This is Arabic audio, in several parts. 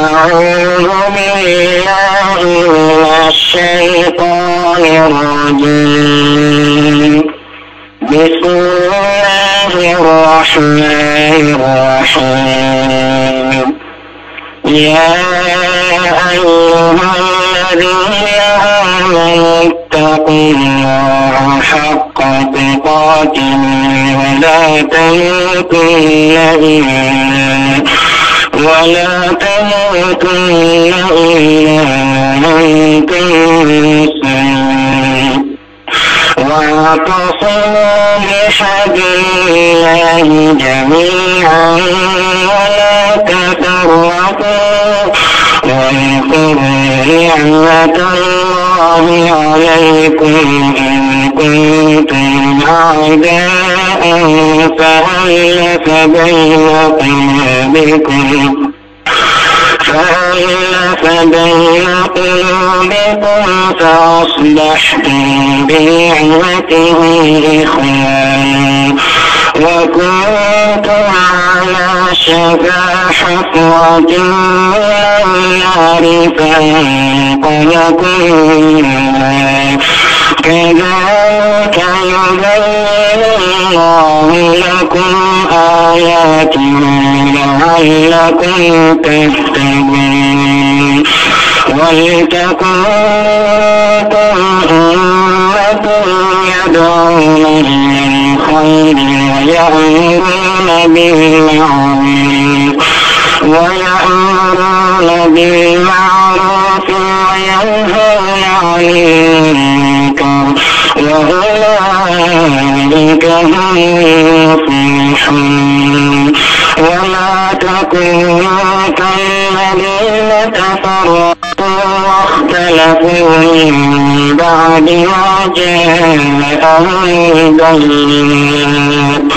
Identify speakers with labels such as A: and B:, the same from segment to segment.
A: أعوذ بالله من الشيطان الرجيم بسم الله الرحمن الرحيم يا أيها الذين آمنوا اتقوا الله حق تقاته ولا تموتن إلا ولا تموتن إلا وأنتم مسلمون واعتصموا بحبل الله جميعا ولا تفرقوا واذكروا نعمة الله عليكم إن كنتم أعداء أن تولك بين قلوبكم فألف بين قلوبكم فأصبحتم بنعمته إخوانا وكنتم على شفا حفرة من النار فأنقذكم منها كذلك يبين لكم آياتنا لعلكم تهتدون ولتكن أمة يدعون إلى الخير ويأمرون بالمعروف ويأمرون بالمعروف وينهون عن المنكر وأولئك أولئك ولا تكونوا كالذين تفرقوا واختلفوا من بعد ما جاءهم البينات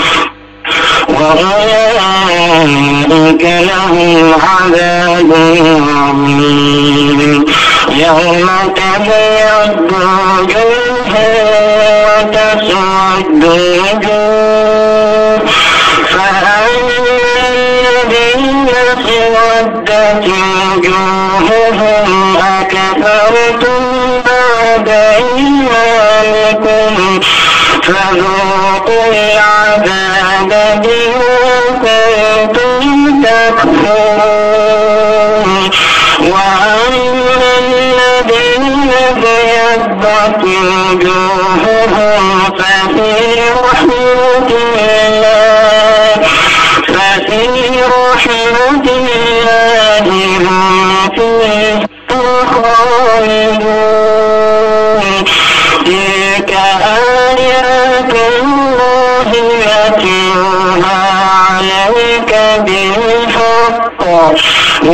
A: وأولئك لهم عذاب عظيم يوم تبيض وجوه تصدقوا فأما الذين صدت وجوههم أكفرتم بعد إيمانكم فذوقوا العذاب بما كنتم تكفرون وأما الذين ابيضت وجوههم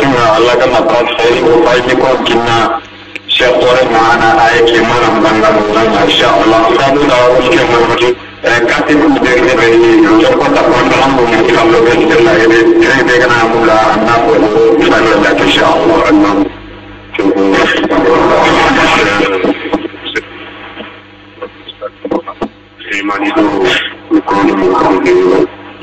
A: suna alaƙa na kwanfari ko faɗi ko kina shakwara ma'ana a yake mana banga mutum a sha Allah sabu da
B: wasu ke mulmuti kati ku da ne bai yi yau kwata kwanta an bu mutu kan lokacin da na yare kai bai gana mula na ko sanar da ta sha Allah Allah. Thank you.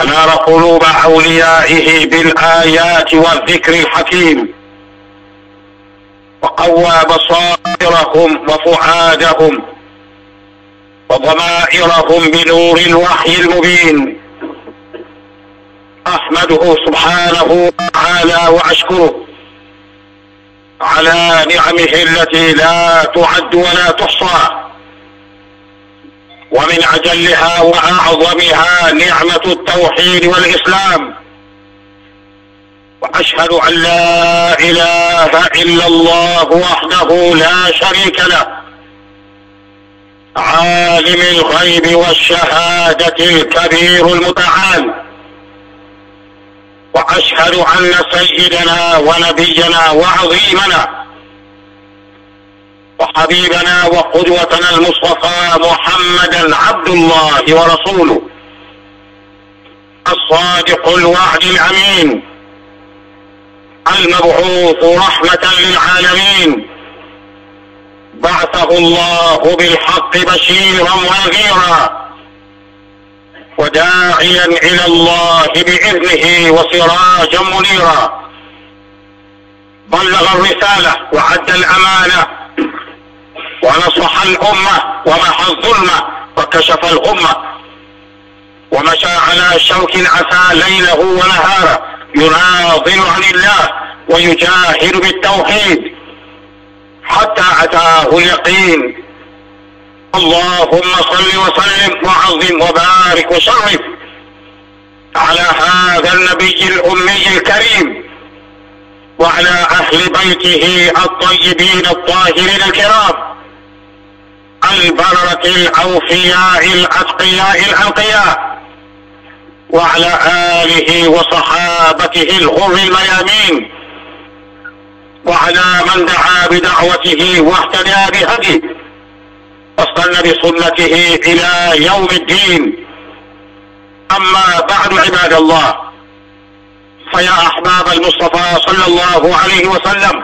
B: أنار قلوب أوليائه بالآيات والذكر الحكيم وقوى بصائرهم وفؤادهم وضمائرهم بنور الوحي المبين أحمده سبحانه وتعالى وأشكره على نعمه التي لا تعد ولا تحصى ومن أجلها وأعظمها نعمة التوحيد والإسلام وأشهد أن لا إله إلا الله وحده لا شريك له عالم الغيب والشهادة الكبير المتعال وأشهد أن سيدنا ونبينا وعظيمنا وحبيبنا وقدوتنا المصطفى محمدا عبد الله ورسوله الصادق الوعد الامين المبعوث رحمه للعالمين بعثه الله بالحق بشيرا ونذيرا وداعيا الى الله باذنه وسراجا منيرا بلغ الرساله وعد الامانه ونصح الأمة ومحى الظلمة وكشف الغمة ومشى على شوك عسى ليله ونهاره يناضل عن الله ويجاهر بالتوحيد حتى أتاه اليقين اللهم صل وسلم وعظم وبارك وشرف على هذا النبي الأمي الكريم وعلى أهل بيته الطيبين الطاهرين الكرام البررة الأوفياء الأتقياء الأنقياء وعلى آله وصحابته الغر الميامين وعلى من دعا بدعوته واهتدى بهديه واستنى بسنته إلى يوم الدين أما بعد عباد الله فيا أحباب المصطفى صلى الله عليه وسلم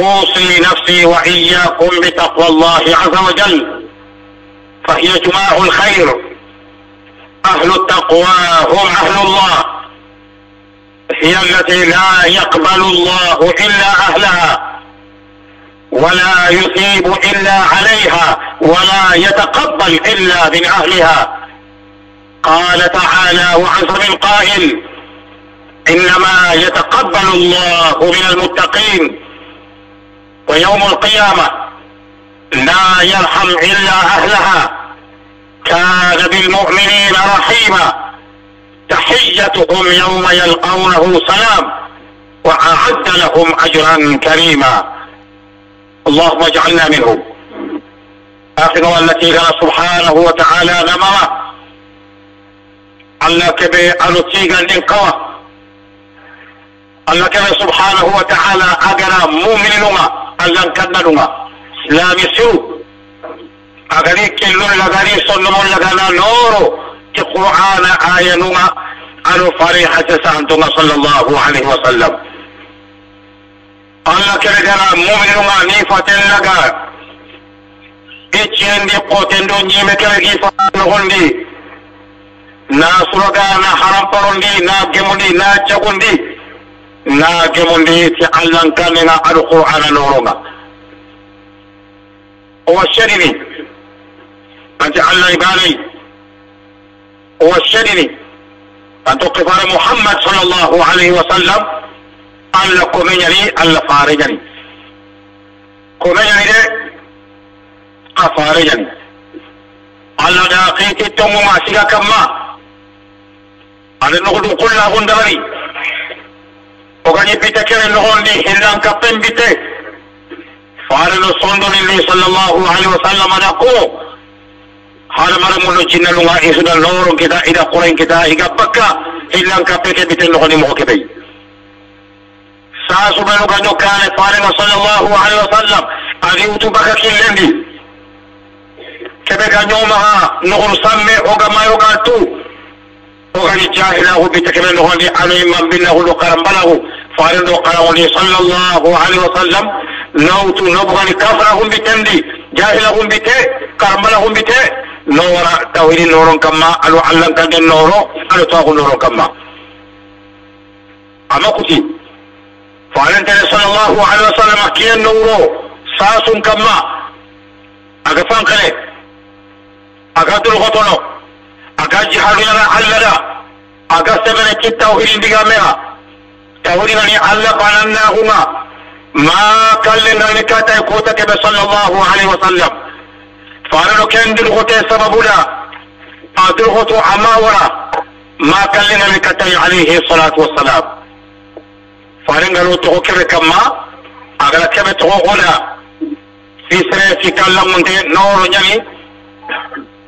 B: أوصي نفسي وإياكم بتقوى الله عز وجل فهي جماع الخير أهل التقوى هم أهل الله هي التي لا يقبل الله إلا أهلها ولا يثيب إلا عليها ولا يتقبل إلا من أهلها قال تعالى وعز من قائل إنما يتقبل الله من المتقين ويوم القيامة لا يرحم إلا أهلها كان بالمؤمنين رحيما تحيتهم يوم يلقونه سلام وأعد لهم أجرا كريما اللهم اجعلنا منهم آخر التي لا سبحانه وتعالى نمره علك بألوتيغا لنقوة علك سبحانه وتعالى أجرا مؤمنهما allan kannaduma laamisu agani killun lagani sonnomon lagana nooro ti qur'ana ayanuma anu farihata saantunga sallallahu alaihi wasallam allah kene gana muminunga ni faten laga iccendi qoten do ñime kene gi fanogondi na suragana haramparondi na gemundi na jagundi na gemundi ti allan kanenga aɗo qur'ana noronga owa shaɗini anti allah ibanayi owa shaɗini anto kifara muhammad sallllahu alayhi wa sallam allah komeñani allah fareñani komeñani de a fareñani allah da kiti tonguma siga kamma aɗa nogoɗum qullagun dagani ogani bite kere nogondi hillan kappen bite farelo sondonilli sallallahu alaihi wasallam ada ko hada mara mulo jinnalunga isudan loron kita ida quren kita iga bakka hillan kappe ke bite nogoni mogo kebei saasubenu ganyo kane farelo sallallahu alaihi wasallam adi utu baka killendi kebe ganyo maha nogon samme oga mayo tu وغني جاهله بتكمل غني علي من بالله لقرم بله فارد قرم صلى الله عليه وسلم نوت نبغني كفرهم بتندي جاهلهم بته كرملهم بته نورا توحيد نور كما ألو علم كان النور ألو تاغ نور كما أما كتي فارد صلى الله عليه وسلم كي النور ساس كما أغفان كله أغفان الغطنو أكا جهادنا حلدا أكا سبنا كي توحيد دقامها توحيدنا الله بناناهما ما كلنا نكاتا يقوتك صلى الله عليه وسلم فارنو كان دلغتي سببنا أدلغتو أما ورا ما كلنا نكاتا عليه الصلاة والسلام فارن قالوا تغو كبه كما أغلا كبه تغو غلا في سرية في كلام منتين نور نيامي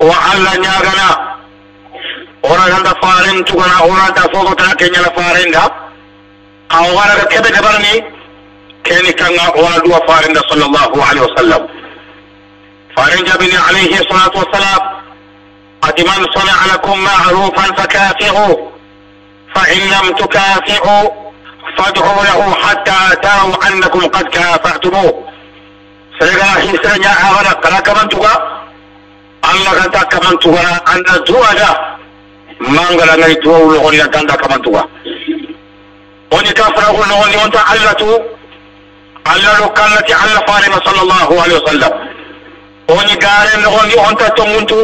B: وعلا نياغنا orang ona faring tu kan orang da fogo tak kenya la faren da awara ga kebe da ni, keni kanga orang dua faring dah. sallallahu alaihi wasallam Faring jadi ni alaihi salatu wassalam قد من صنع لكم معروفا فكافئوا فإن لم تكافئوا فادعوا له حتى تروا أنكم قد كافأتموه سيغاهي سنجا أغنى قلا كمنتك الله قد كمنتك du'a dah mangala ngai tuwa ulo honi na tanda kama tuwa oni kafra ulo honi onta alla tu alla lukana ti alla farima sallallahu alayhi wa sallam oni gare no honi onta tomuntu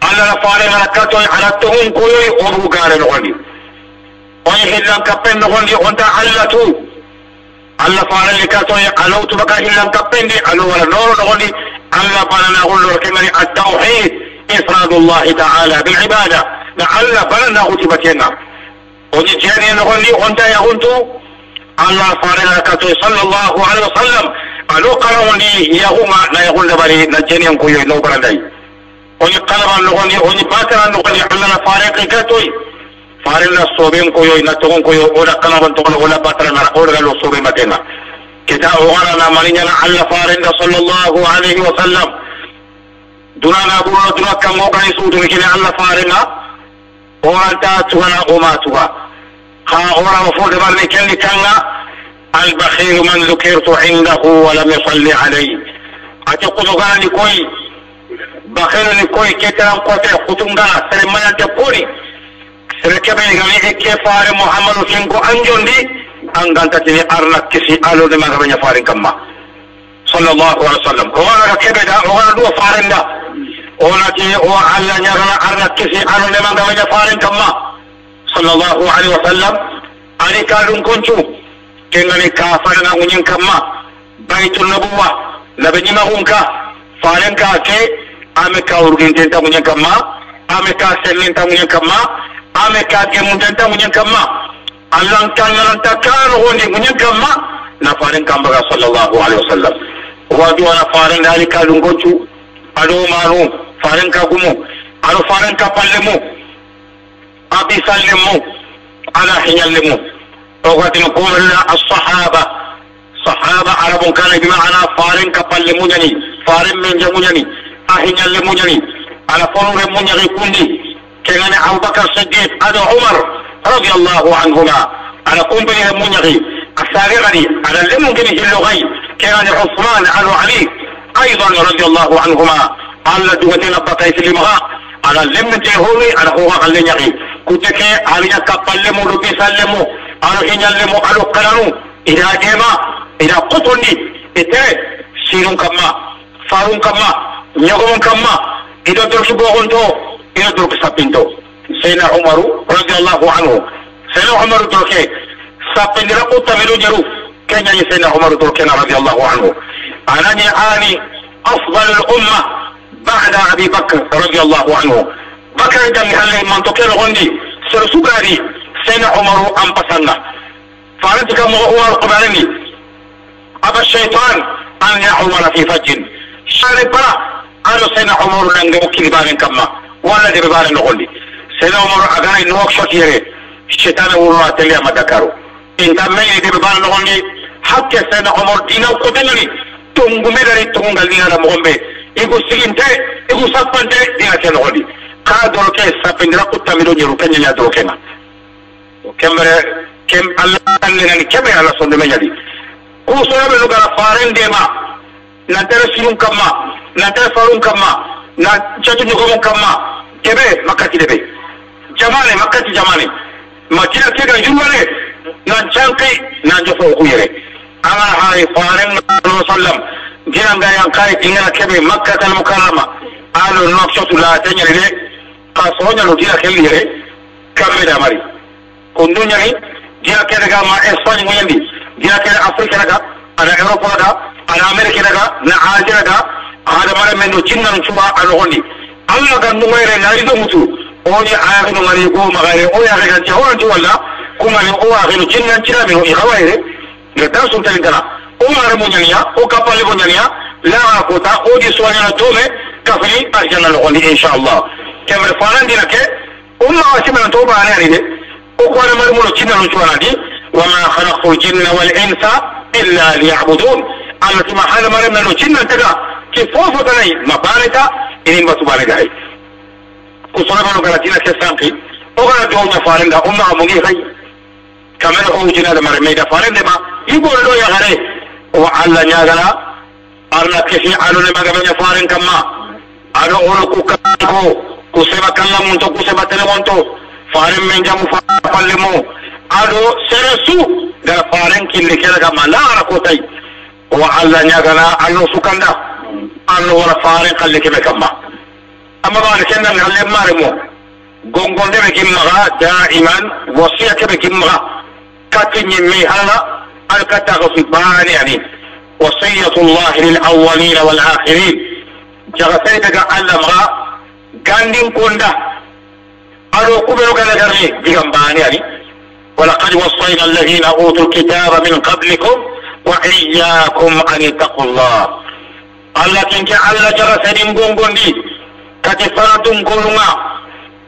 B: alla la farima ni ala tuhun koyoy oru gare no honi oni hillan kapen no honi onta alla tu alla farima le kato ala alautu baka hillan kappen di alu wala noro no honi alla farima na ulo kengani at-tauhid إفراد الله تعالى بالعبادة na Allah bala na kuti batena oni jani na gondi onda ya huntu Allah farela ka to sallallahu alaihi wasallam alo kala oni ya huma na ya hunna bari na jani ko yo no barandai oni kalaba no gondi oni bakara no gondi Allah na farela ka to farela soben ko yo na to ko yo ora kala ban to ko la bakara na ora lo sobe matena kita ogana na marinya na Allah farela sallallahu alaihi wasallam dunana buro dunakka mo kan suudu kile Allah farela وردات ونغماتها خاغورا وفود برني كل كنا البخيل من ذكرت عنده ولم يصلي علي أتقول غاني كوي بخيل نكوي كتران قوتي خطنغا سلمان تقولي سركبي غني كفار محمد سنكو أنجون دي أنغانتتني أرلك كسي ألو دماغ بني فارن كما صلى الله عليه وسلم وغانا كبدا وغانا دو فارن ده ونجي وعلى نرنا على كسي على لما قبل فارن كما صلى الله عليه وسلم أني كارون كنتو كنني كافرنا ونين كما بيت النبوة لبني مهونك فارن كاكي أمي كاورغين تنتا ونين كما أمي كاسلين تا ونين كما أمي كاكي منتنتا ونين كما ألان كان لان تكار هوني ونين كما نفارن كما صلى الله عليه وسلم وادو أنا فارن ذلك كارون كنتو أدو مانو faran ka gumo aro faran ka palle mo abi salle mo ala hinyalle mo to gati no kumalla as-sahaba sahaba arabun kana bi ma'ana faran ka palle mo nyani faran men jamu nyani ahinyalle mo nyani ala fonore mo nyani kundi kengane abubakar siddiq ada umar radiyallahu anhuma ala kumbele mo nyani السابقني على اللي ممكن يجي اللغي كان عثمان على علي ايضا رضي الله عنهما alla dugatena batay silimaha ana lemme te homi ana hoga galle ñaki kuteke aliña kappalle mo do gisalle mo ano hiñalle mo aɗo kananu ina ƴeema ina kotondi ete sinum kamma farum kamma ñogomum kamma iɗo dorki gogon to iɗo dorki sappinto seyna umaru radiallahu anhu seyna umaru dorke sappindira ɓuttameɗo jaru keñañi seyna umaru dorkena radiallahu anhu anani ani afdal l umma بعد أبي بكر رضي الله عنه بكر دم هل منطقة الغندي سرسوكاري سين عمر أم بسنة فارتك مغوى قبلني أبا الشيطان أن يعمر في فج شارب برا أنا سين عمر لنجمو كذبان كما ولا دبار نقولي سين عمر أغاني نوك شكيري الشيطان ورات اللي ما ذكروا إن دمين دبار نقولي حتى سين عمر دينا وقبلني تنقمي داري تنقل دينا لمغمبي igu siginte igu sappante dinate nogodi ka doroke sappindira kuttamiro ñeru kañaña dorokenga o kembere kem allah allenani keme allah sondeme ñadi kusoyoɓe nugara farendema nantere sinum kamma nantere farum kamma na catu ñogomum kamma keɓe makkati deɓe jamane makkati jamane makina kega jumane nan canki nan jofo okuyere angana haari farenno sallam جنان غاني انقاي جنان كبي مكة المكرمة قالوا النفسة لا تنير لي قاسونا نجينا كلي كمل أمري كندوني جنا كده ما إسبانيا ويندي جنا كده أفريقيا كده أنا أوروبا كده أنا أمريكا كده أنا آسيا كده هذا مرة منو جنان شوا ألوهني الله كان نوير نريد متو أوني آخر مري قوم مغاري أوني آخر كده جوان جوالا كمان أوني آخر جنان جنا منو إخوائي ده دارسون تلين كده umar muñania o kappale muñania laga kota odi soñana tome kafini arjana nogondi inchallah kemre fanandina ke ummaga simana to bane ani de o kone mari muno cinnanu cuwanadi wama halaktu ljinna walinsa illa liyabudun allah tuma hada maremna no cinnantaga ke fofotanayi ma baneta inin batu banega hay ko sonabano galatina ke sanki o gana dowña farenda ummaga mugi hay kamene o ujunade mare meyda farende ma igollo yagare وعلى نياغلا أرنا كشي عالو لما قبل فارن كما أرنا أولو كوكاكو كسبا كلا منتو كسبا تنغنتو فارن من جمو فارن لمو أدو سرسو غير فارن كل كلا كما لا أركو تي وعلى نياغلا أنو سكندا أنو ورا فارن قل كما كما أما بعد كنا نعلم مارمو gongonde be kimmaga da'iman wasiya ke be kimmaga katinyi mi hala الكتاغ في بان يعني وصية الله للأولين والآخرين قال ألم قال لن كوندا أرو كبير كالغرني جغم بان يعني ولقد وصينا الذين أوتوا الكتاب من قبلكم وإياكم أن اتقوا الله قال لكن جعل الله جغسين قنقندي كتفرة قلنا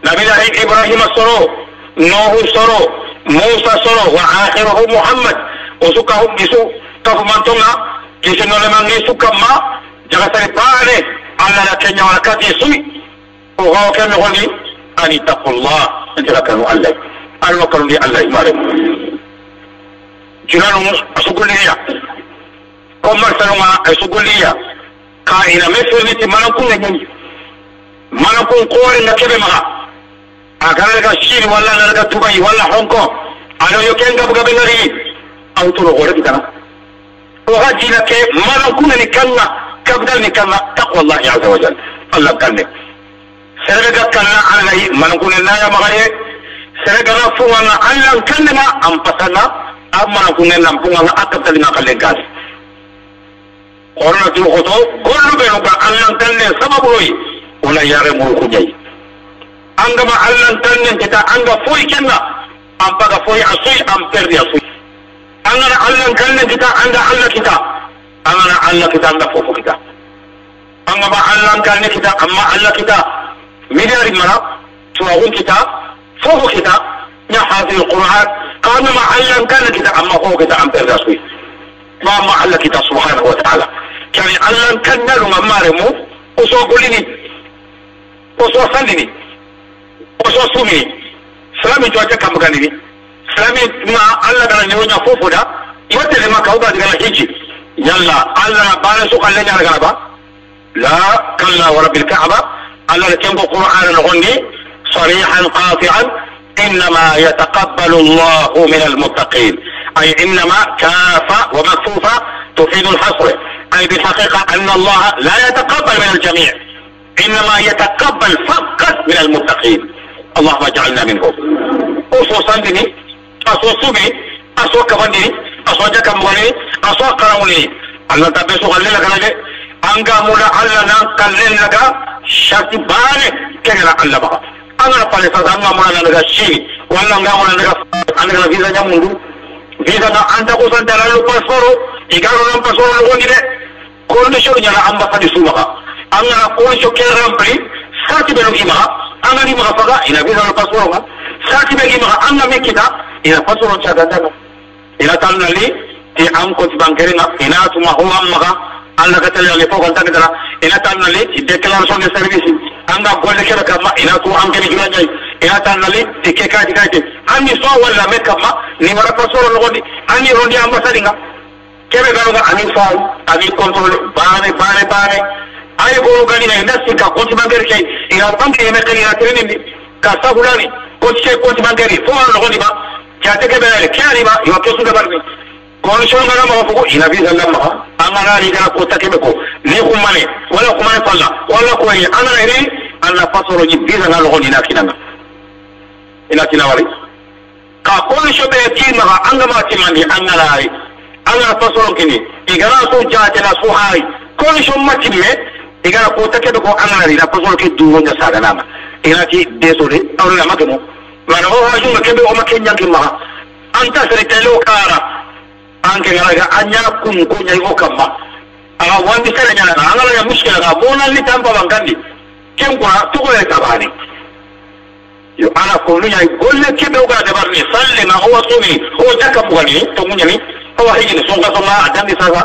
B: نبي إبراهيم الصرو نوح الصرو موسى الصرو وآخره محمد o suka hubbisu kafumantonga kisinnolemangi sukkamma jagasari baane allah na keñawala kati suy ogawo keme honi an ittaqullah antira kanu allah alno kanundi allah imarem junanum a sugulliya commerçanuma e sugulliya ka ina me firniti manankunge ñañi manankun koore nga keɓe maga a kana daga chine walla na daga dubai walla hong kong ano yo ken gabugaɓe ngari أو تلوغور بدنا وغادي لك ما نكون نكلا كبدل نكلا تقوى الله عز وجل الله كلمة سرقة كلا أنا ما نكون نايا مغاية سرقة فوانا الله كلمة أم بسنا أما نكون نام نعم فوانا أكبر لنا قلن قال قرنا تلوغوتو كل بينك الله كلمة سبب روي ولا ياري ملكو جاي أنجما الله كلمة kita أنجا فوي كنا أم بقى فوي asui أم بردي asui angana allan kanne kita anda allah kita angana allah kita anda fofo kita anga ba allan kanne kita amma allah kita midari mara tuwagun kita fofo kita nya hafi alquran kana ma allan kanne kita amma fofo kita am perda sui ma ma allah kita subhanahu wa ta'ala kani allan kanne lu mamare mu oso golini oso sandini oso sumini salami jwa kam ganini sabi ma Allah da ne wanya fofo da mata da maka ba daga hiji yalla Allah ba na su kallon yar garaba la kalla wa rabbil ka'aba Allah da kengo qur'ana na gonne sarihan qati'an إنما يتقبل الله من المتقين أي إنما كافة ومكفوفة تفيد الحصر أي بالحقيقة أن الله لا يتقبل من الجميع إنما يتقبل فقط من المتقين اللهم اجعلنا منهم خصوصا بني aso sume aso kafandini aso jakamugani aso karawuni allah tabbe sokalle lagana de anga mula allah nan kalle laga shati bane kegana allah baka angana pale sasa anga mula nanaga shini walla nga mula naga anagana visa nyamundu visa na anda kusandalallu pasoro igaronan pasoro lugondi de condition ñana ambassade sumaka angana condition ke rempli sati benu imaha angani maha faga ina visa na pasoro nga sati be imaha anga me kita ina fasoron cagatana ina talunali ti an kotibangeringa ina tuma ho an maga an lagatalali fo kontakitala ina talunali ti déclaration de service anga golle kebe kamma ina tu an kene jurañayi ina talunali ti ke kaji kayte anni so walla me kamma ni wara fasoro nogondi anni rondi ambassadi nga kebe ganoga ani fawu ani contrôle baane baane baane ayi goro ganina ina sikka kotibangeri kay ina banke yeme kay ina tirinindi ka sahulani kotike kotibangeri fo wara nogondima كاتك بذلك يعني ما يوكسو دبر كونشون غنا ما فوق هنا في زلم ما أنا غالي غنا كوتا كبكو لي خمانة ولا خمانة فلا ولا كوي أنا غيري أنا فصلوا جبيزا غنا لغون هنا كنا هنا كنا وري ka kon sho be ti ma an ga ma ti mandi an ga lai an ga fasoron kini igara so ja ta na so hari kon sho ma ti me igara ko ta ke ko an ga ri na fasoron ke duwo da sa ga na ma igara ti de so de awra ma ke mo mana ho hajunga e kebe o makenya kima anta serikali okara anke ngaraga anya kun kunya iko kama aga wandi sere nyana angala ya mushkila ga bona li tamba bangandi ken kwa tuko ya tabani yo ana ko nunya golle kebe o ga da barni salle ma o sumi o jaka mugani to munya ni o hiji ni songa songa adami sasa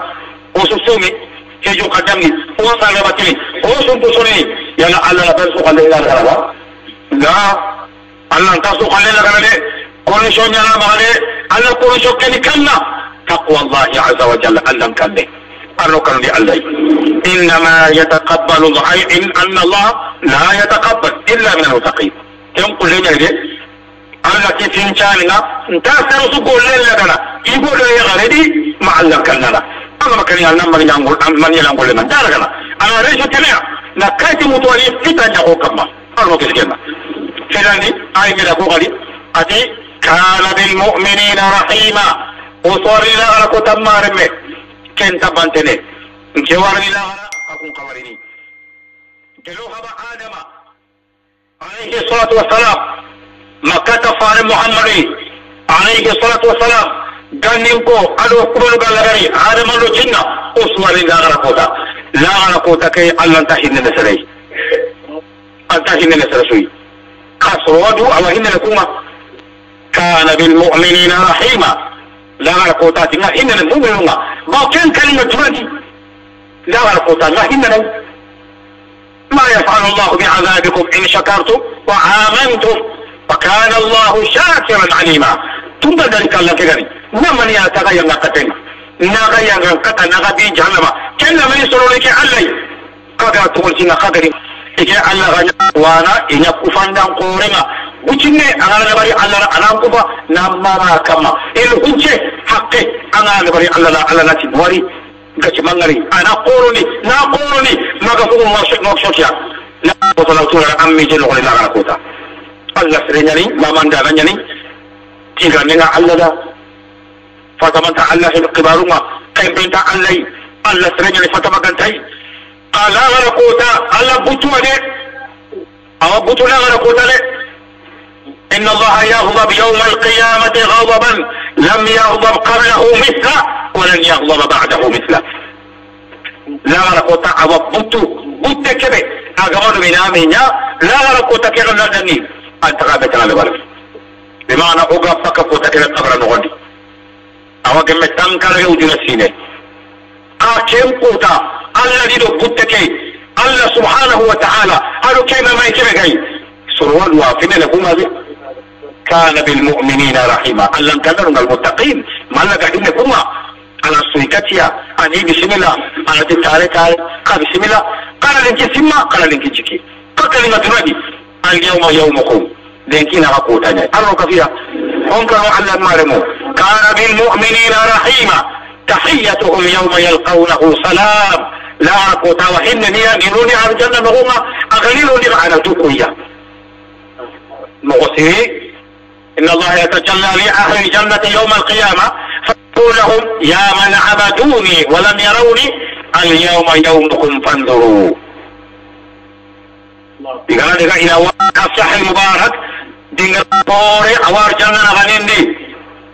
B: o susumi kejo kadami o sa ga batini o sumpu soni yana alla la basu kale ila la la الله تاسو خلي لك انا دي كوريشون يلا بغالي انا كوريشون كني كنا تقوى الله عز وجل الله كان دي اروكن دي الله انما يتقبل ضعيف ان الله لا يتقبل الا من المتقين كم قول لي دي الله كي فين شاننا انت تاسو قول لي لك انا يقول لي غالي دي مع الله كان انا الله ما كان يلا من يلا من يلا نقول لنا دارك انا انا ريشو تنيا نكايتي متواليين كتا جاكو كما الله كيسكينا فلاني أي من أبو غلي أتي كان بالمؤمنين رحيما وصوري لا أنا كنت أمارمي كنت بانتني جوار لا أنا أكون قمريني جلوها آدم عليه الصلاة والسلام مكة فار محمد عليه الصلاة والسلام ganninko aɗo kuɓanugallagari adamallo cinna uswari lagara kota lagara kota ke allahn ta hinnene serey an ta hinnene sere suyi kasroju awa hinne kuma kana bil mu'minina rahima la ala kota tinga hinne na mu'minu nga ba ken kalima turati la ala kota nga hinne na ma yaf'alu Allah bi 'adabikum in shakartum wa amantum wa kana Allah shakiran alima tunda dari kallan kegari naman ya taga yang ngakaten naga yang ngakata naga bi jahannama kenna mani sorole ke Allah kaga tukul singa kagari ike allah ganya wana inya kufandan korema bucinne angana nabari allah na anan kufa na mara kama il hujje haqqe angana nabari allah na allah na ti wari gaci mangari ana koroni na koroni maga fugu mokshotiya na botola tura an mije nogole na kota allah sere nyani mamanda ga nyani tiga menga allah da fatamanta allah hin kibaruma kai benta allah allah sere nyani fatama gantai لا غنا قوتا أو بوتو إن الله يغضب يوم القيامة غضبا لم يغضب قبله مثله ولن يغضب بعده مثله لا غنا قوتا أو بوتو بوتا كبه أغمر من آمينيا لا غنا قوتا كغنا دني أنت غابت غنا بلف بمعنى أغا فكا قوتا كغنا قبر نغني أو كمتان كاريو دينا سيني قاكين قوتا allah ɗiɗo guddake allah subhanahu wa taala aɗo keɓamay keɓe kay sorwaɗuwa finene kumaɓe kana bilmuminina rahima allah n kallarugal muttaqin ma allah gaɗine kuma ala soykatiya ani bisimilla anati tare tare ka bisimilla kala lenki simma kala lenki jiki kakalinga tunadi alyawma yawmukum lenkinaxa kutañay arno kafiya on kano allah maremo kana bilmuminina rahima تحيتهم يوم يلقونه سلام لا كوتا وحين نيا نيروني على الجنة نغوما أغليلوا لي على مغسي إن الله يتجلى لأهل الجنة يوم القيامة فقول لهم يا من عبدوني ولم يروني اليوم يومكم فانظروا ديغانا ديغا إلى واقع الصحي المبارك ديغا طوري أوار جنة غنين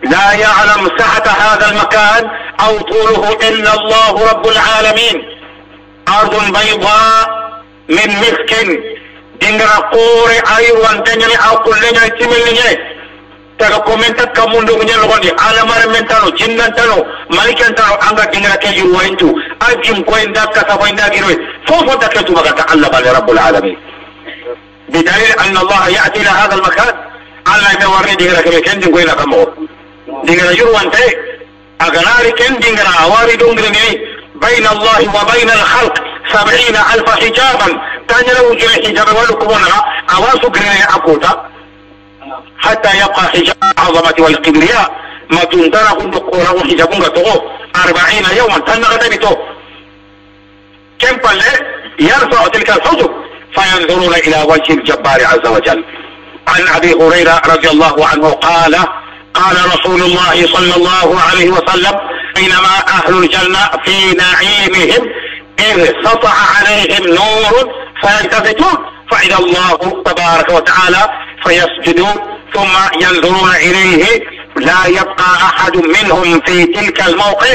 B: لا يعلم سعة هذا المكان أو طوله إلا الله رب العالمين أرض بيضاء من مسك دينغرا قوري أي وانتنجلي أو كلنا تملني تاكا كومنتا كموندو ني لغوني على مر منتانو جننتانو مالكنتانو أنغا دينغرا كي وينتو أجم كوين داكا كوين داكيروي فوفو داكتو بغاتا الله بل رب العالمين بدليل أن الله يأتي إلى هذا المكان على يوري دينغرا كمي كندن كوين أكمو دينغرا يروانتي أغنار كندنغرا واردنغرني بين الله وبين الخلق سبعين ألف حجابا تنلو جل حجاب ولكمنا أواسو كرني أكوتا حتى يبقى حجاب العظمة والكبرياء ما تندره النقوره حجابنغ تغو أربعين يوما تنغد بتو كم بالله يرفع تلك الحجب فينظرون إلى وجه الجبار عز وجل عن أبي هريرة رضي الله عنه قال قال رسول الله صلى الله عليه وسلم بينما أهل الجنة في نعيمهم إذ سطع عليهم نور فيلتفتون فإذا الله تبارك وتعالى فيسجدون ثم ينظرون إليه لا يبقى أحد منهم في تلك الموقع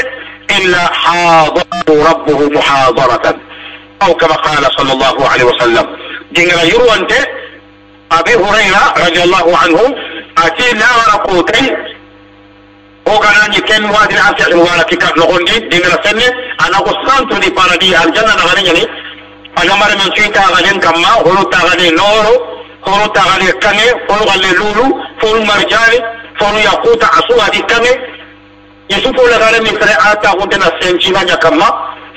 B: إلا حاضره ربه محاضرة أو كما قال صلى الله عليه وسلم
A: جنرى أنت
B: أبي هريرة رضي الله عنه ati lawara kotai oganani ken wadin asyahin wala kikaf nogondi dingala senne anako santuni paradi aljanna naganeñani agamare men suita ganen kamma holu tagane nooro holu tagane kane holu galle lulu folu marjani folu yakuta asuwadi kane yesufu lagare min fere ata huntena sencinaña kamma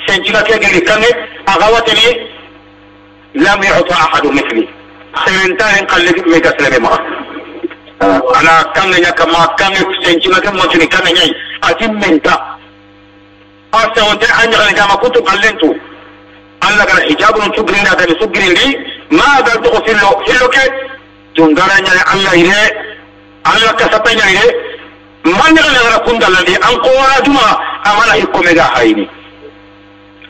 B: sencina kegeli kane agawateni lam yuta ahadu mithli serentaren kalle mega seleme maga ana kamne nyaka ma kamne kusenji ma kamne motini kamne nyai atin menta asa onte anya kana kama kutu kallentu alla kana hijabu nun sugrin da kana sugrin li ma da to fillo fillo ke tungara nyale alla ile alla ka sapanya ile man kana kana kunda landi an ko wala duma amana hikome ga haini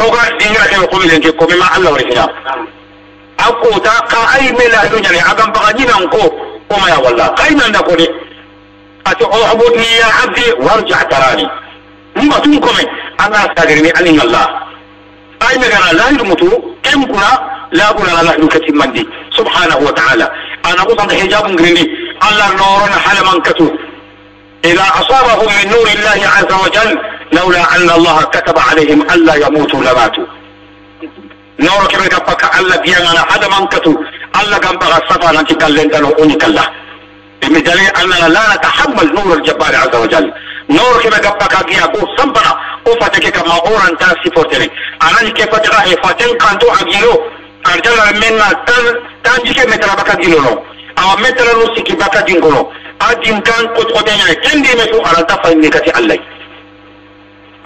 B: o ga dinga ke ko milen ke ko ma alla warina ako ta ka ai mela dunya ne agan baga nyinan ko وما والله قينا نقولي أتعبد لي يا عبدي وارجع تراني نما تنكم أنا ساقرني ألين الله أي مغانا لا يرمتو كم كنا لا كنا لا نكتب مندي سبحانه وتعالى أنا قصد حجاب غريني الله نورنا حال من كتو إذا أصابهم من نور الله عز وجل لولا أن الله كتب عليهم ألا يموتوا لماتوا نورك من كبك ألا بيانا حدا من كتو الله كان بغى الصفا نتي قال لين دلو أوني كلا بمثال أننا لا نتحمل نور الجبار عز وجل نور كما قام بغى قيا بو سنبرا وفتك كما أورا تاسي فورتني أنا كيف تغى إفتن كانتو أجيلو أرجل منا تن تنجيك مترا بكا جيلو نو أو مترا نوسيكي بكا جيلو أدين كان قد قدنا يعني. كندي مسو أرانتا فإني كتي الله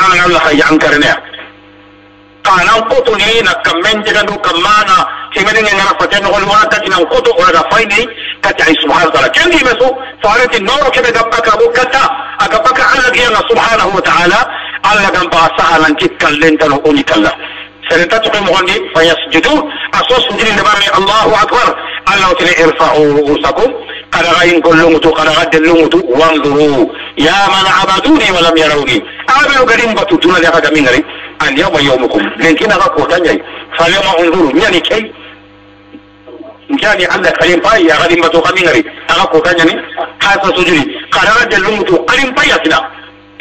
B: أنا الله حي ينكرنا نعم. kanan koto ni na kamen jaga do kamana kimani ni ngara faten hol wa ka ina kutu wa da faini ka ta subhanahu wa ta'ala kendi mesu farati noro ke da baka bu kata aga baka ala giya na subhanahu wa ta'ala alla gam ba sahalan kikkal lenta no oni kala sereta to mo gondi fayasjudu asos ndiri ne bare allahu akbar allah tele irfa'u ru'usakum قد غين كلمت قد غد اللمت وانظروا يا من عبدوني ولم يروني أعمل قريم بطوتنا لها من mingari اليوم يومكم لكن أنا قوة نجي فاليوم انظروا يعني كي يعني الله كريم باي يا غادي ما تقامي غري أنا قوة حاسة سجري قرار جلوم تو كريم باي أسنا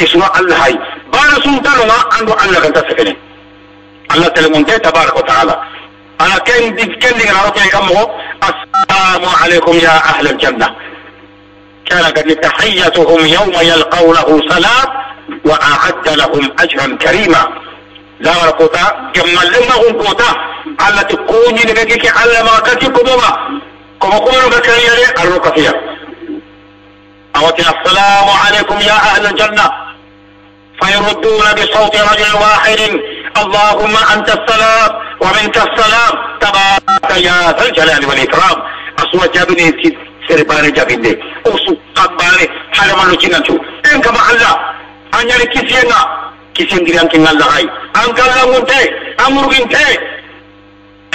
B: اسمه الله هاي بار سلطان ما عنده الله كنت تسكني الله تلمون تبارك وتعالى أنا كان كان لي غلطة كم هو السلام عليكم يا أهل الجنة كان قد تحيتهم يوم يلقونه سلام وأعد لهم أجرا كريما zamar kota gemmalle ma hun kota alla to kunyi ne gake ki alla ma kake ko mama ko ma ko ga kare yare alro kafiya awati alaikum ya ahlan janna فيردون بصوت رجل واحد اللهم انت السلام ومنك السلام تبارك يا ذا الجلال والاكرام اسوا جابني سربان جابني اسوا قباني حرم الوشي نتو ان كما الله ان يلي كيسينا kisindiri anke ngalla hay an kallangunte amurginte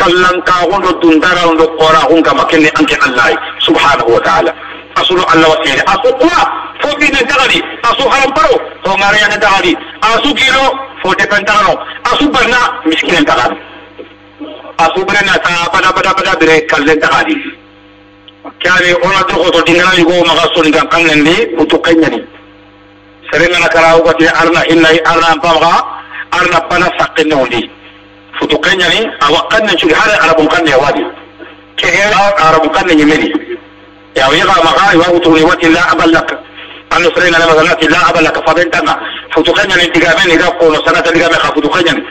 B: kallankaxundo dundarawndo qoraxun kama kene anke allahy subhanahu wa taala asulu allah wa seede asu kuwa fo ɓine taxadi asu haramparo hongarayane taxadi asu kilo fo depen taxano asu barna miskinen taxadi asu ɓirena ta bada bada bada bire kallen taxadi kane ona toxoto dingana yugo maxa sonigan kan nen ni utu keñani سرنا كراوغتي أرنا إلا أرنا بمغا أرنا بنا سقنا ولي فتوكنيا ني أوقنا شو هذا أنا بمكان يوادي كهلا أنا بمكان يميني يا ويغا مغا يوتو يوتي لا أبل لك أنا سرنا لما زلت لا أبل لك فبنتنا فتوكنيا يعني تجامين إذا قولوا سنة تجامين فتوكنيا ني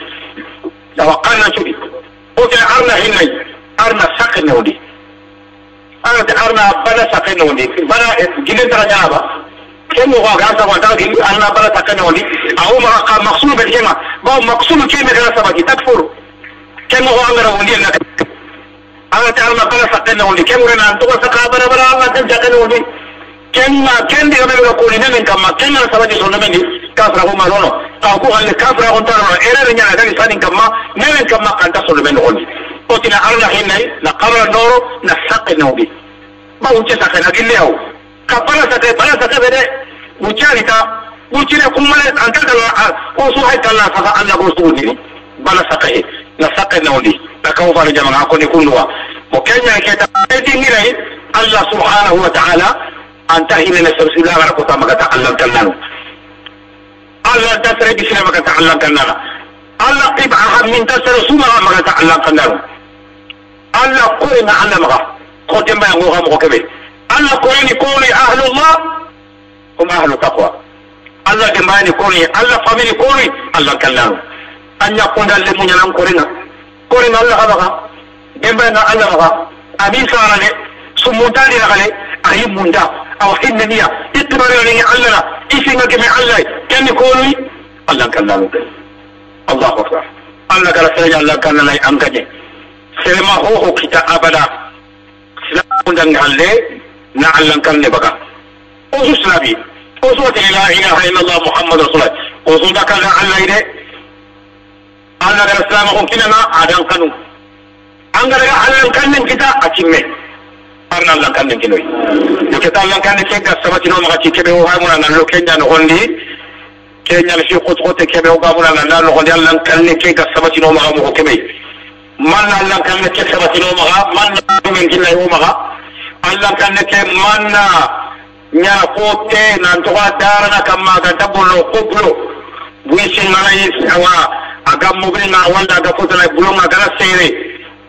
B: أوقنا شو أوكي أرنا هنا أرنا سقنا ولي أرنا بنا سقنا ولي بنا جلنا رجعنا كلمة غاصة وانتاكي أنا بلا تكني ولي أو مقسوم بالجمع باو مقسوم كلمة غاصة بكي تكفر كلمة غامرة ولي أنا أنا تعلم بلا تكني ولي كلمة أنا أنتوا سكا بلا بلا الله تبجأ كني ولي كلمة كلمة غامرة قولي كما كلمة سبجي سنة مني كافر هو مالونو تاكو هل كافر هو تارو إلا رنيا نتاكي كما نمين كما كان تصل من ولي قلت أرنا حين نقبل النور نحق النوبي ما وجدت أخي نقل له كفرة تكي بلا وشاركا وشينا كم من أنت تلا وصو أه، هاي تلا فسا أنا بوسو دي بنا سقيه نسقي نودي لكو فرجا من عقول كنوا وكان كتا دي نري إيه؟ الله سبحانه وتعالى أنت هنا نسر سلا غرق تما كتعلم كنانو الله تسر بسنا ما كتعلم كنانا الله قبعة من تسر سما ما كتعلم كنانو الله قوي ما علمها قوتي ما يغوغا مغوكبي الله قوي كوني أهل الله هم أهل تقوى الله دماني كوني الله فاميلي كوني الله كلام أن يكون لمن ينام كورنا كورنا الله غبغا دمانا الله غبغا أمين سارني سموداني لغلي أهيم مندا أو حين نيا إتباريني الله إسمك من الله كان كوني الله كلام الله أكبر الله قال سيجعل الله كان لا يأمكني سيما هو كتا أبدا سلام دنغالي نعلم كان لبغا osu silabi osoti la ilaha illallah muhammad rasulullah osu da kala allah ide allah gara salama on kinana adan kanu an gara ga allah kannin kita a cimme arna allah kannin kinoi o kita allah kannin kenga sabati no maka kebe o haymuna nan lo kenya no hondi kenya fi qot qot kebe o gamuna nan lo hondi allah kannin kenga sabati no maka mo kebe man allah kannin kenga sabati no maka man min kinai o maka allah kannin ke manna nya ko te nan to ga dara na kamma ga dabolo kublo buisi ngana yis awa aga mugri na wanda ga futa na bulo ma gara sere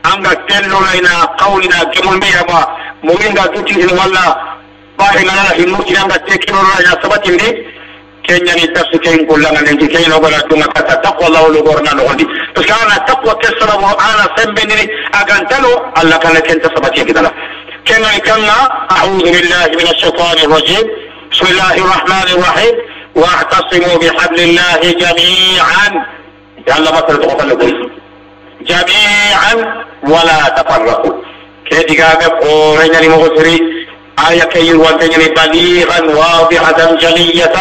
B: anga tello na ina qawli na kemul be ama mugri ga tuti ni walla ba ina na himu ki anga te kiro na ya sabati ndi kenya ni tasu ken kullanga ni kenya no bala tunga kata taqwa law lu gorna no ndi to kana taqwa kesra mo ana sembe ni agantalo alla kana ken tasabati kidala كما كنا أعوذ بالله من الشيطان الرجيم بسم الله الرحمن الرحيم واعتصموا بحبل الله جميعا يلا مثل جميعا ولا تفرقوا كي تقابل قورينا لمغسري آية كي يوانتين بليغا واضحة جلية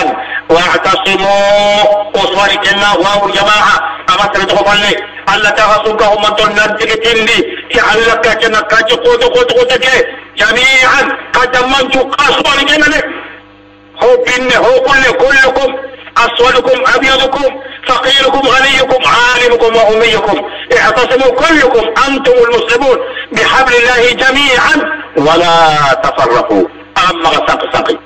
B: واعتصموا أصوار كنا واو الجماعة أما تقول لي ألا تغسوك هم تنزل تندي كي ألا كنا كاجي قوتو قوتو قوتو كي جميعا تجمعت أسود جنبك هو بن هو كل كلكم أسودكم أبيضكم فقيركم غنيكم عالمكم وأميكم اعتصموا كلكم أنتم المسلمون بحبل الله جميعا ولا تفرقوا أما سقي سقي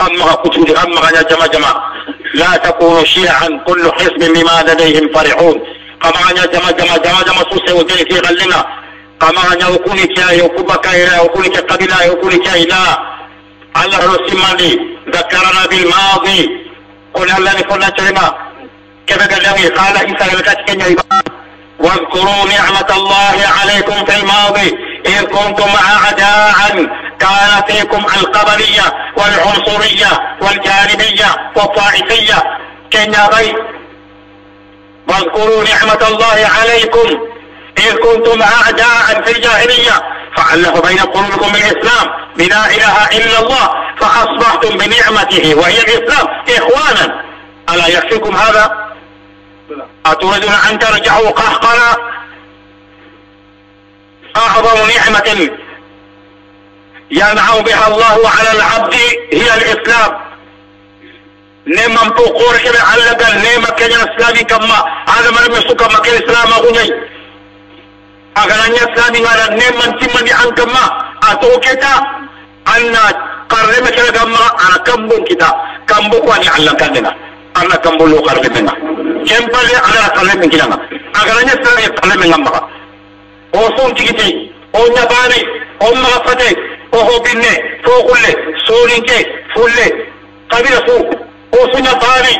B: أما كتب أما جمع جمع لا تكونوا شيعا كل حزب بما لديهم فرحون أما جمع جمع جمع جمع سوسي وجيسي غلنا kama hanya kamanya okuli kyayo okubakaira okuli cha kabila cha kyaila allah rosimani zakara dhakarana bilmadi kuna allah ni nikona chema kebegadami kala isarebekatikenya واذكروا نعمة الله عليكم في الماضي إذ كنتم أعداء كان فيكم القبلية والعنصرية والجانبية والطائفية كن واذكروا نعمة الله عليكم إذ كنتم أعداء في الجاهلية فألف بين قلوبكم الإسلام بلا إله إلا الله فأصبحتم بنعمته وهي الإسلام إخوانا ألا يكفيكم هذا أتريدون أن ترجعوا قهقرا أعظم نعمة ينعم بها الله على العبد هي الإسلام نعم ko korake da نعم ga neman kan هذا ما لم azaman مكان suka أغني agananya sani ngara ne man timani angkama atau kita anna karne mekela gamma ana kambon kita kambo ko ani allah kanena ana kambo lo karne menga kempale ana karne mengilanga agananya sani karne mengamma o son tikiti o nyabari o magafate o hobinne fo kulle solinke fulle kabila su o sunya bari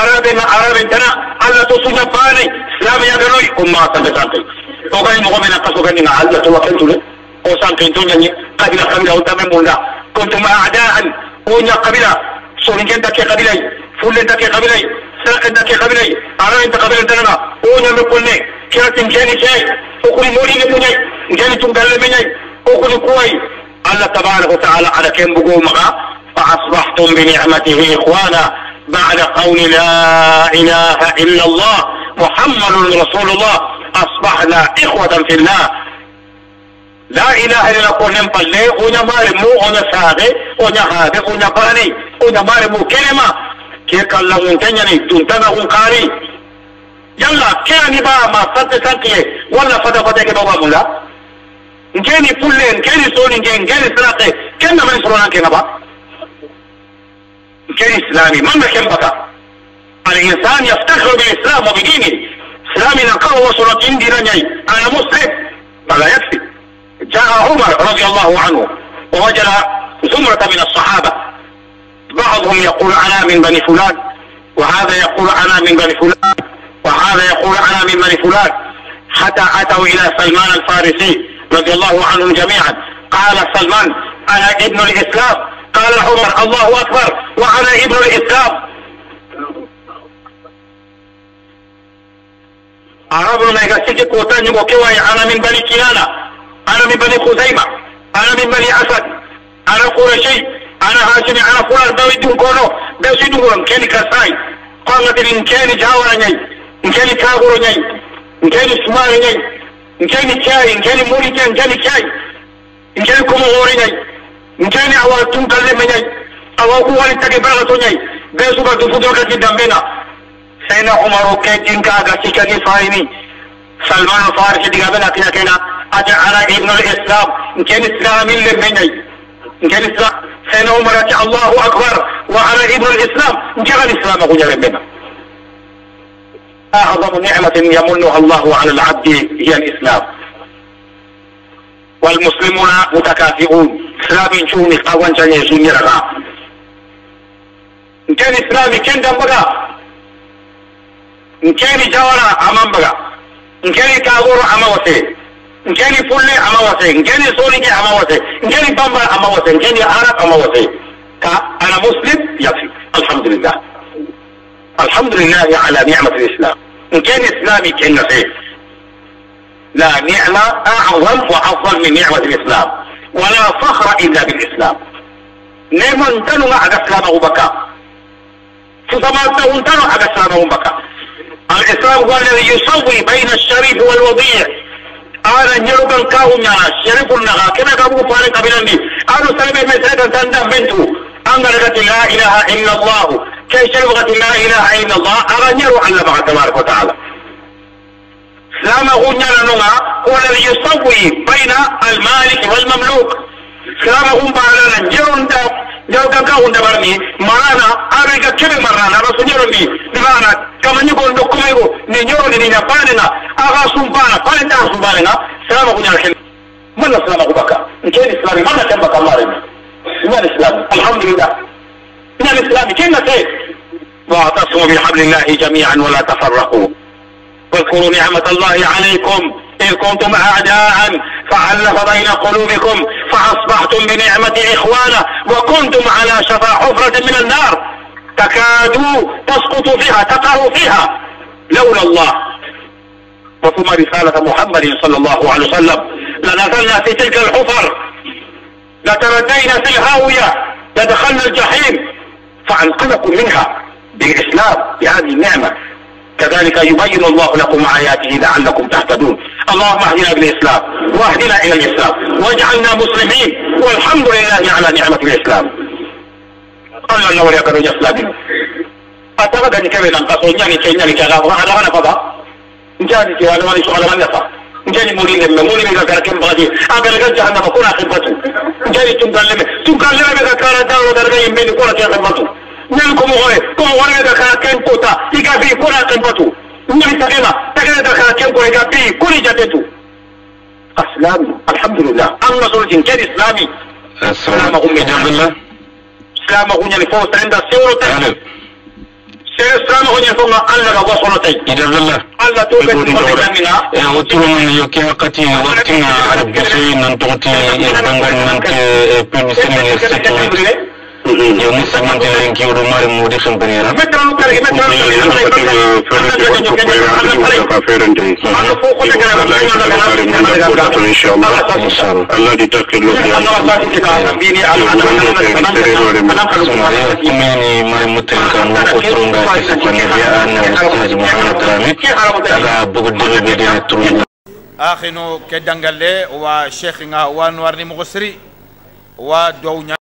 B: arabe na arabe tana allah to sunya bari islam ya ganoi umma tan tan ogani mogo mena kaso gani na alla to wakentule o san kentonya ni kabila kabila utame munda kuntum a'da'an unya kabila solingenda ke kabila fulenda ke kabila sarqenda ke kabila ara inta kabila tana unya mekunne kira tingeni che ukuri muri ni kunyai ngeni tungalle menyai ukuri kuwai الله تبارك وتعالى على كم بقومها فأصبحتم بنعمته إخوانا بعد قول لا إله إلا الله محمد رسول الله أصبحنا إخوة في الله لا إله إلا الله نمبلي ونمار مو ونساده ونهاده ونباني ونمار مو كلمة كي قال الله منتجني تنتنى ونقاري يلا كاني با ما صد سكي ولا فدا فدا كده بابا نكاني فلين كاني سوني كاني سلاقي كنا من سرونا كنا بقى كالإسلام مملكة بقى الإنسان يفتخر بالإسلام وبدينه إسلامي إسلامنا وصورة وصلت عندنا أنا مسلم فلا يكفي جاء عمر رضي الله عنه ووجد زمرة من الصحابة بعضهم يقول أنا من بني فلان وهذا يقول أنا من بني فلان وهذا يقول أنا من بني فلان حتى أتوا إلى سلمان الفارسي رضي الله عنهم جميعا قال سلمان أنا ابن الإسلام قال عمر الله أكبر وعلى إبر الإبقاب أعرض ما يقصد قوتان يموكوا أنا من بني كيانا أنا من بني خزيمة أنا من بني أسد أنا قرشي أنا هاشم أنا قرار دوي دون كونو بسي دون كيني كرساي قوانا دين كيني جاورا ني كيني كاغورا ني كيني سمار ني كيني كاي كيني موري كيني كاي كيني كومو غوري ني nkeni awa tuntalle meñay awa kuwani tage baraga to ñay be suga du fudorgati dambena seyna umaro ke tinkaga sikani fayni salmano farisi diga bena kina kena ata ara ibnul islam nkeni islamille meñay nkeni islam seyna umarati allahu akbar wa ara ibnul islam nkegan islama kuñarembena أعظم نعمة يمنها الله على العبد هي الإسلام والمسلمون متكافئون سلامی چونی خوان چنی زنی را گا نکنی سلامی کن دم بگا نکنی جوانا آمان بگا نکنی کاغور آما وسی نکنی فولي آما وسی نکنی سونی که آما وسی بامبا آما وسی نکنی عرب آما وسی انا مسلم یافی الحمد لله الحمد لله على نعمة الإسلام إن كان إسلامي كن فيه لا نعمة أعظم وأفضل من نعمة الإسلام ولا فخر إلا بالإسلام نيمان تنو الإسلام أو بكى فزمان تنو الإسلام أو بكى الإسلام هو الذي يسوي بين الشريف والوضيع أنا نيروغان كاونا شريف النغا كما كابو فارق بلندي أنا سلمي مسيرة تندى بنتو أنا لغت لا إله إلا الله كي شربت لا إله إلا الله أغنيرو على الله تبارك وتعالى لا غنيا لنا هو الذي بين المالك والمملوك لا غنبا لنا جرون دا جاو دكا غن دبرني مرانا أريكا كيف مرانا رسول جروني دبانا كما نقول دكما يقول نجروني نينا أغا سنبانا بان تا سنباننا سلام غنيا لكي من سلام غبكا نكي الإسلامي ماذا تنبك الله ربي ما الإسلام الحمد لله من الإسلام كي نتيه واعتصموا بحبل الله جميعا ولا تفرقوا واذكروا نعمة الله عليكم إذ كنتم أعداء فعلف بين قلوبكم فأصبحتم بنعمة إخوانا وكنتم على شفا حفرة من النار تكادوا تسقط فيها تقع فيها لولا الله وثم رسالة محمد صلى الله عليه وسلم لنزلنا في تلك الحفر لتردينا في الهاوية لدخلنا الجحيم فانقذكم منها بالإسلام بهذه النعمة كذلك يبين الله لكم آياته لعلكم تهتدون اللهم اهدنا بالإسلام واهدنا إلى الإسلام واجعلنا مسلمين والحمد لله على نعمة الإسلام قال لنا وليقر يسلم أتبقى نكمل أن قصوا يعني كي يعني كي على غنى فضاء جاني كي هذا ولي شغل غنى فضاء جاني مولين لما مولين لما كان كم بغادي أقل قد جهنم كنا خبته جاني تنقل لما تنقل لما كان داو درجين بين اخي خبته nan ko mogoye ko warga ka ken kota iga bi kona ken batu nan tagala tagala ka ken ko iga bi kuri jatetu اسلامي الحمد لله اما سولتين كان اسلامي اسلام امي الله اسلام غني الفوز عند سيرة سير اسلام غني الفوز الله غوا صلتي اذا الله الله توبه منا يا وتر من يوكي وقتي وقتنا على بسوين ان تغطي يبنغن انت بنسين يرسكي yow ni di allah
A: di allah
B: akhino ke dangale wa sheikh nga wan ni mo wa dawnya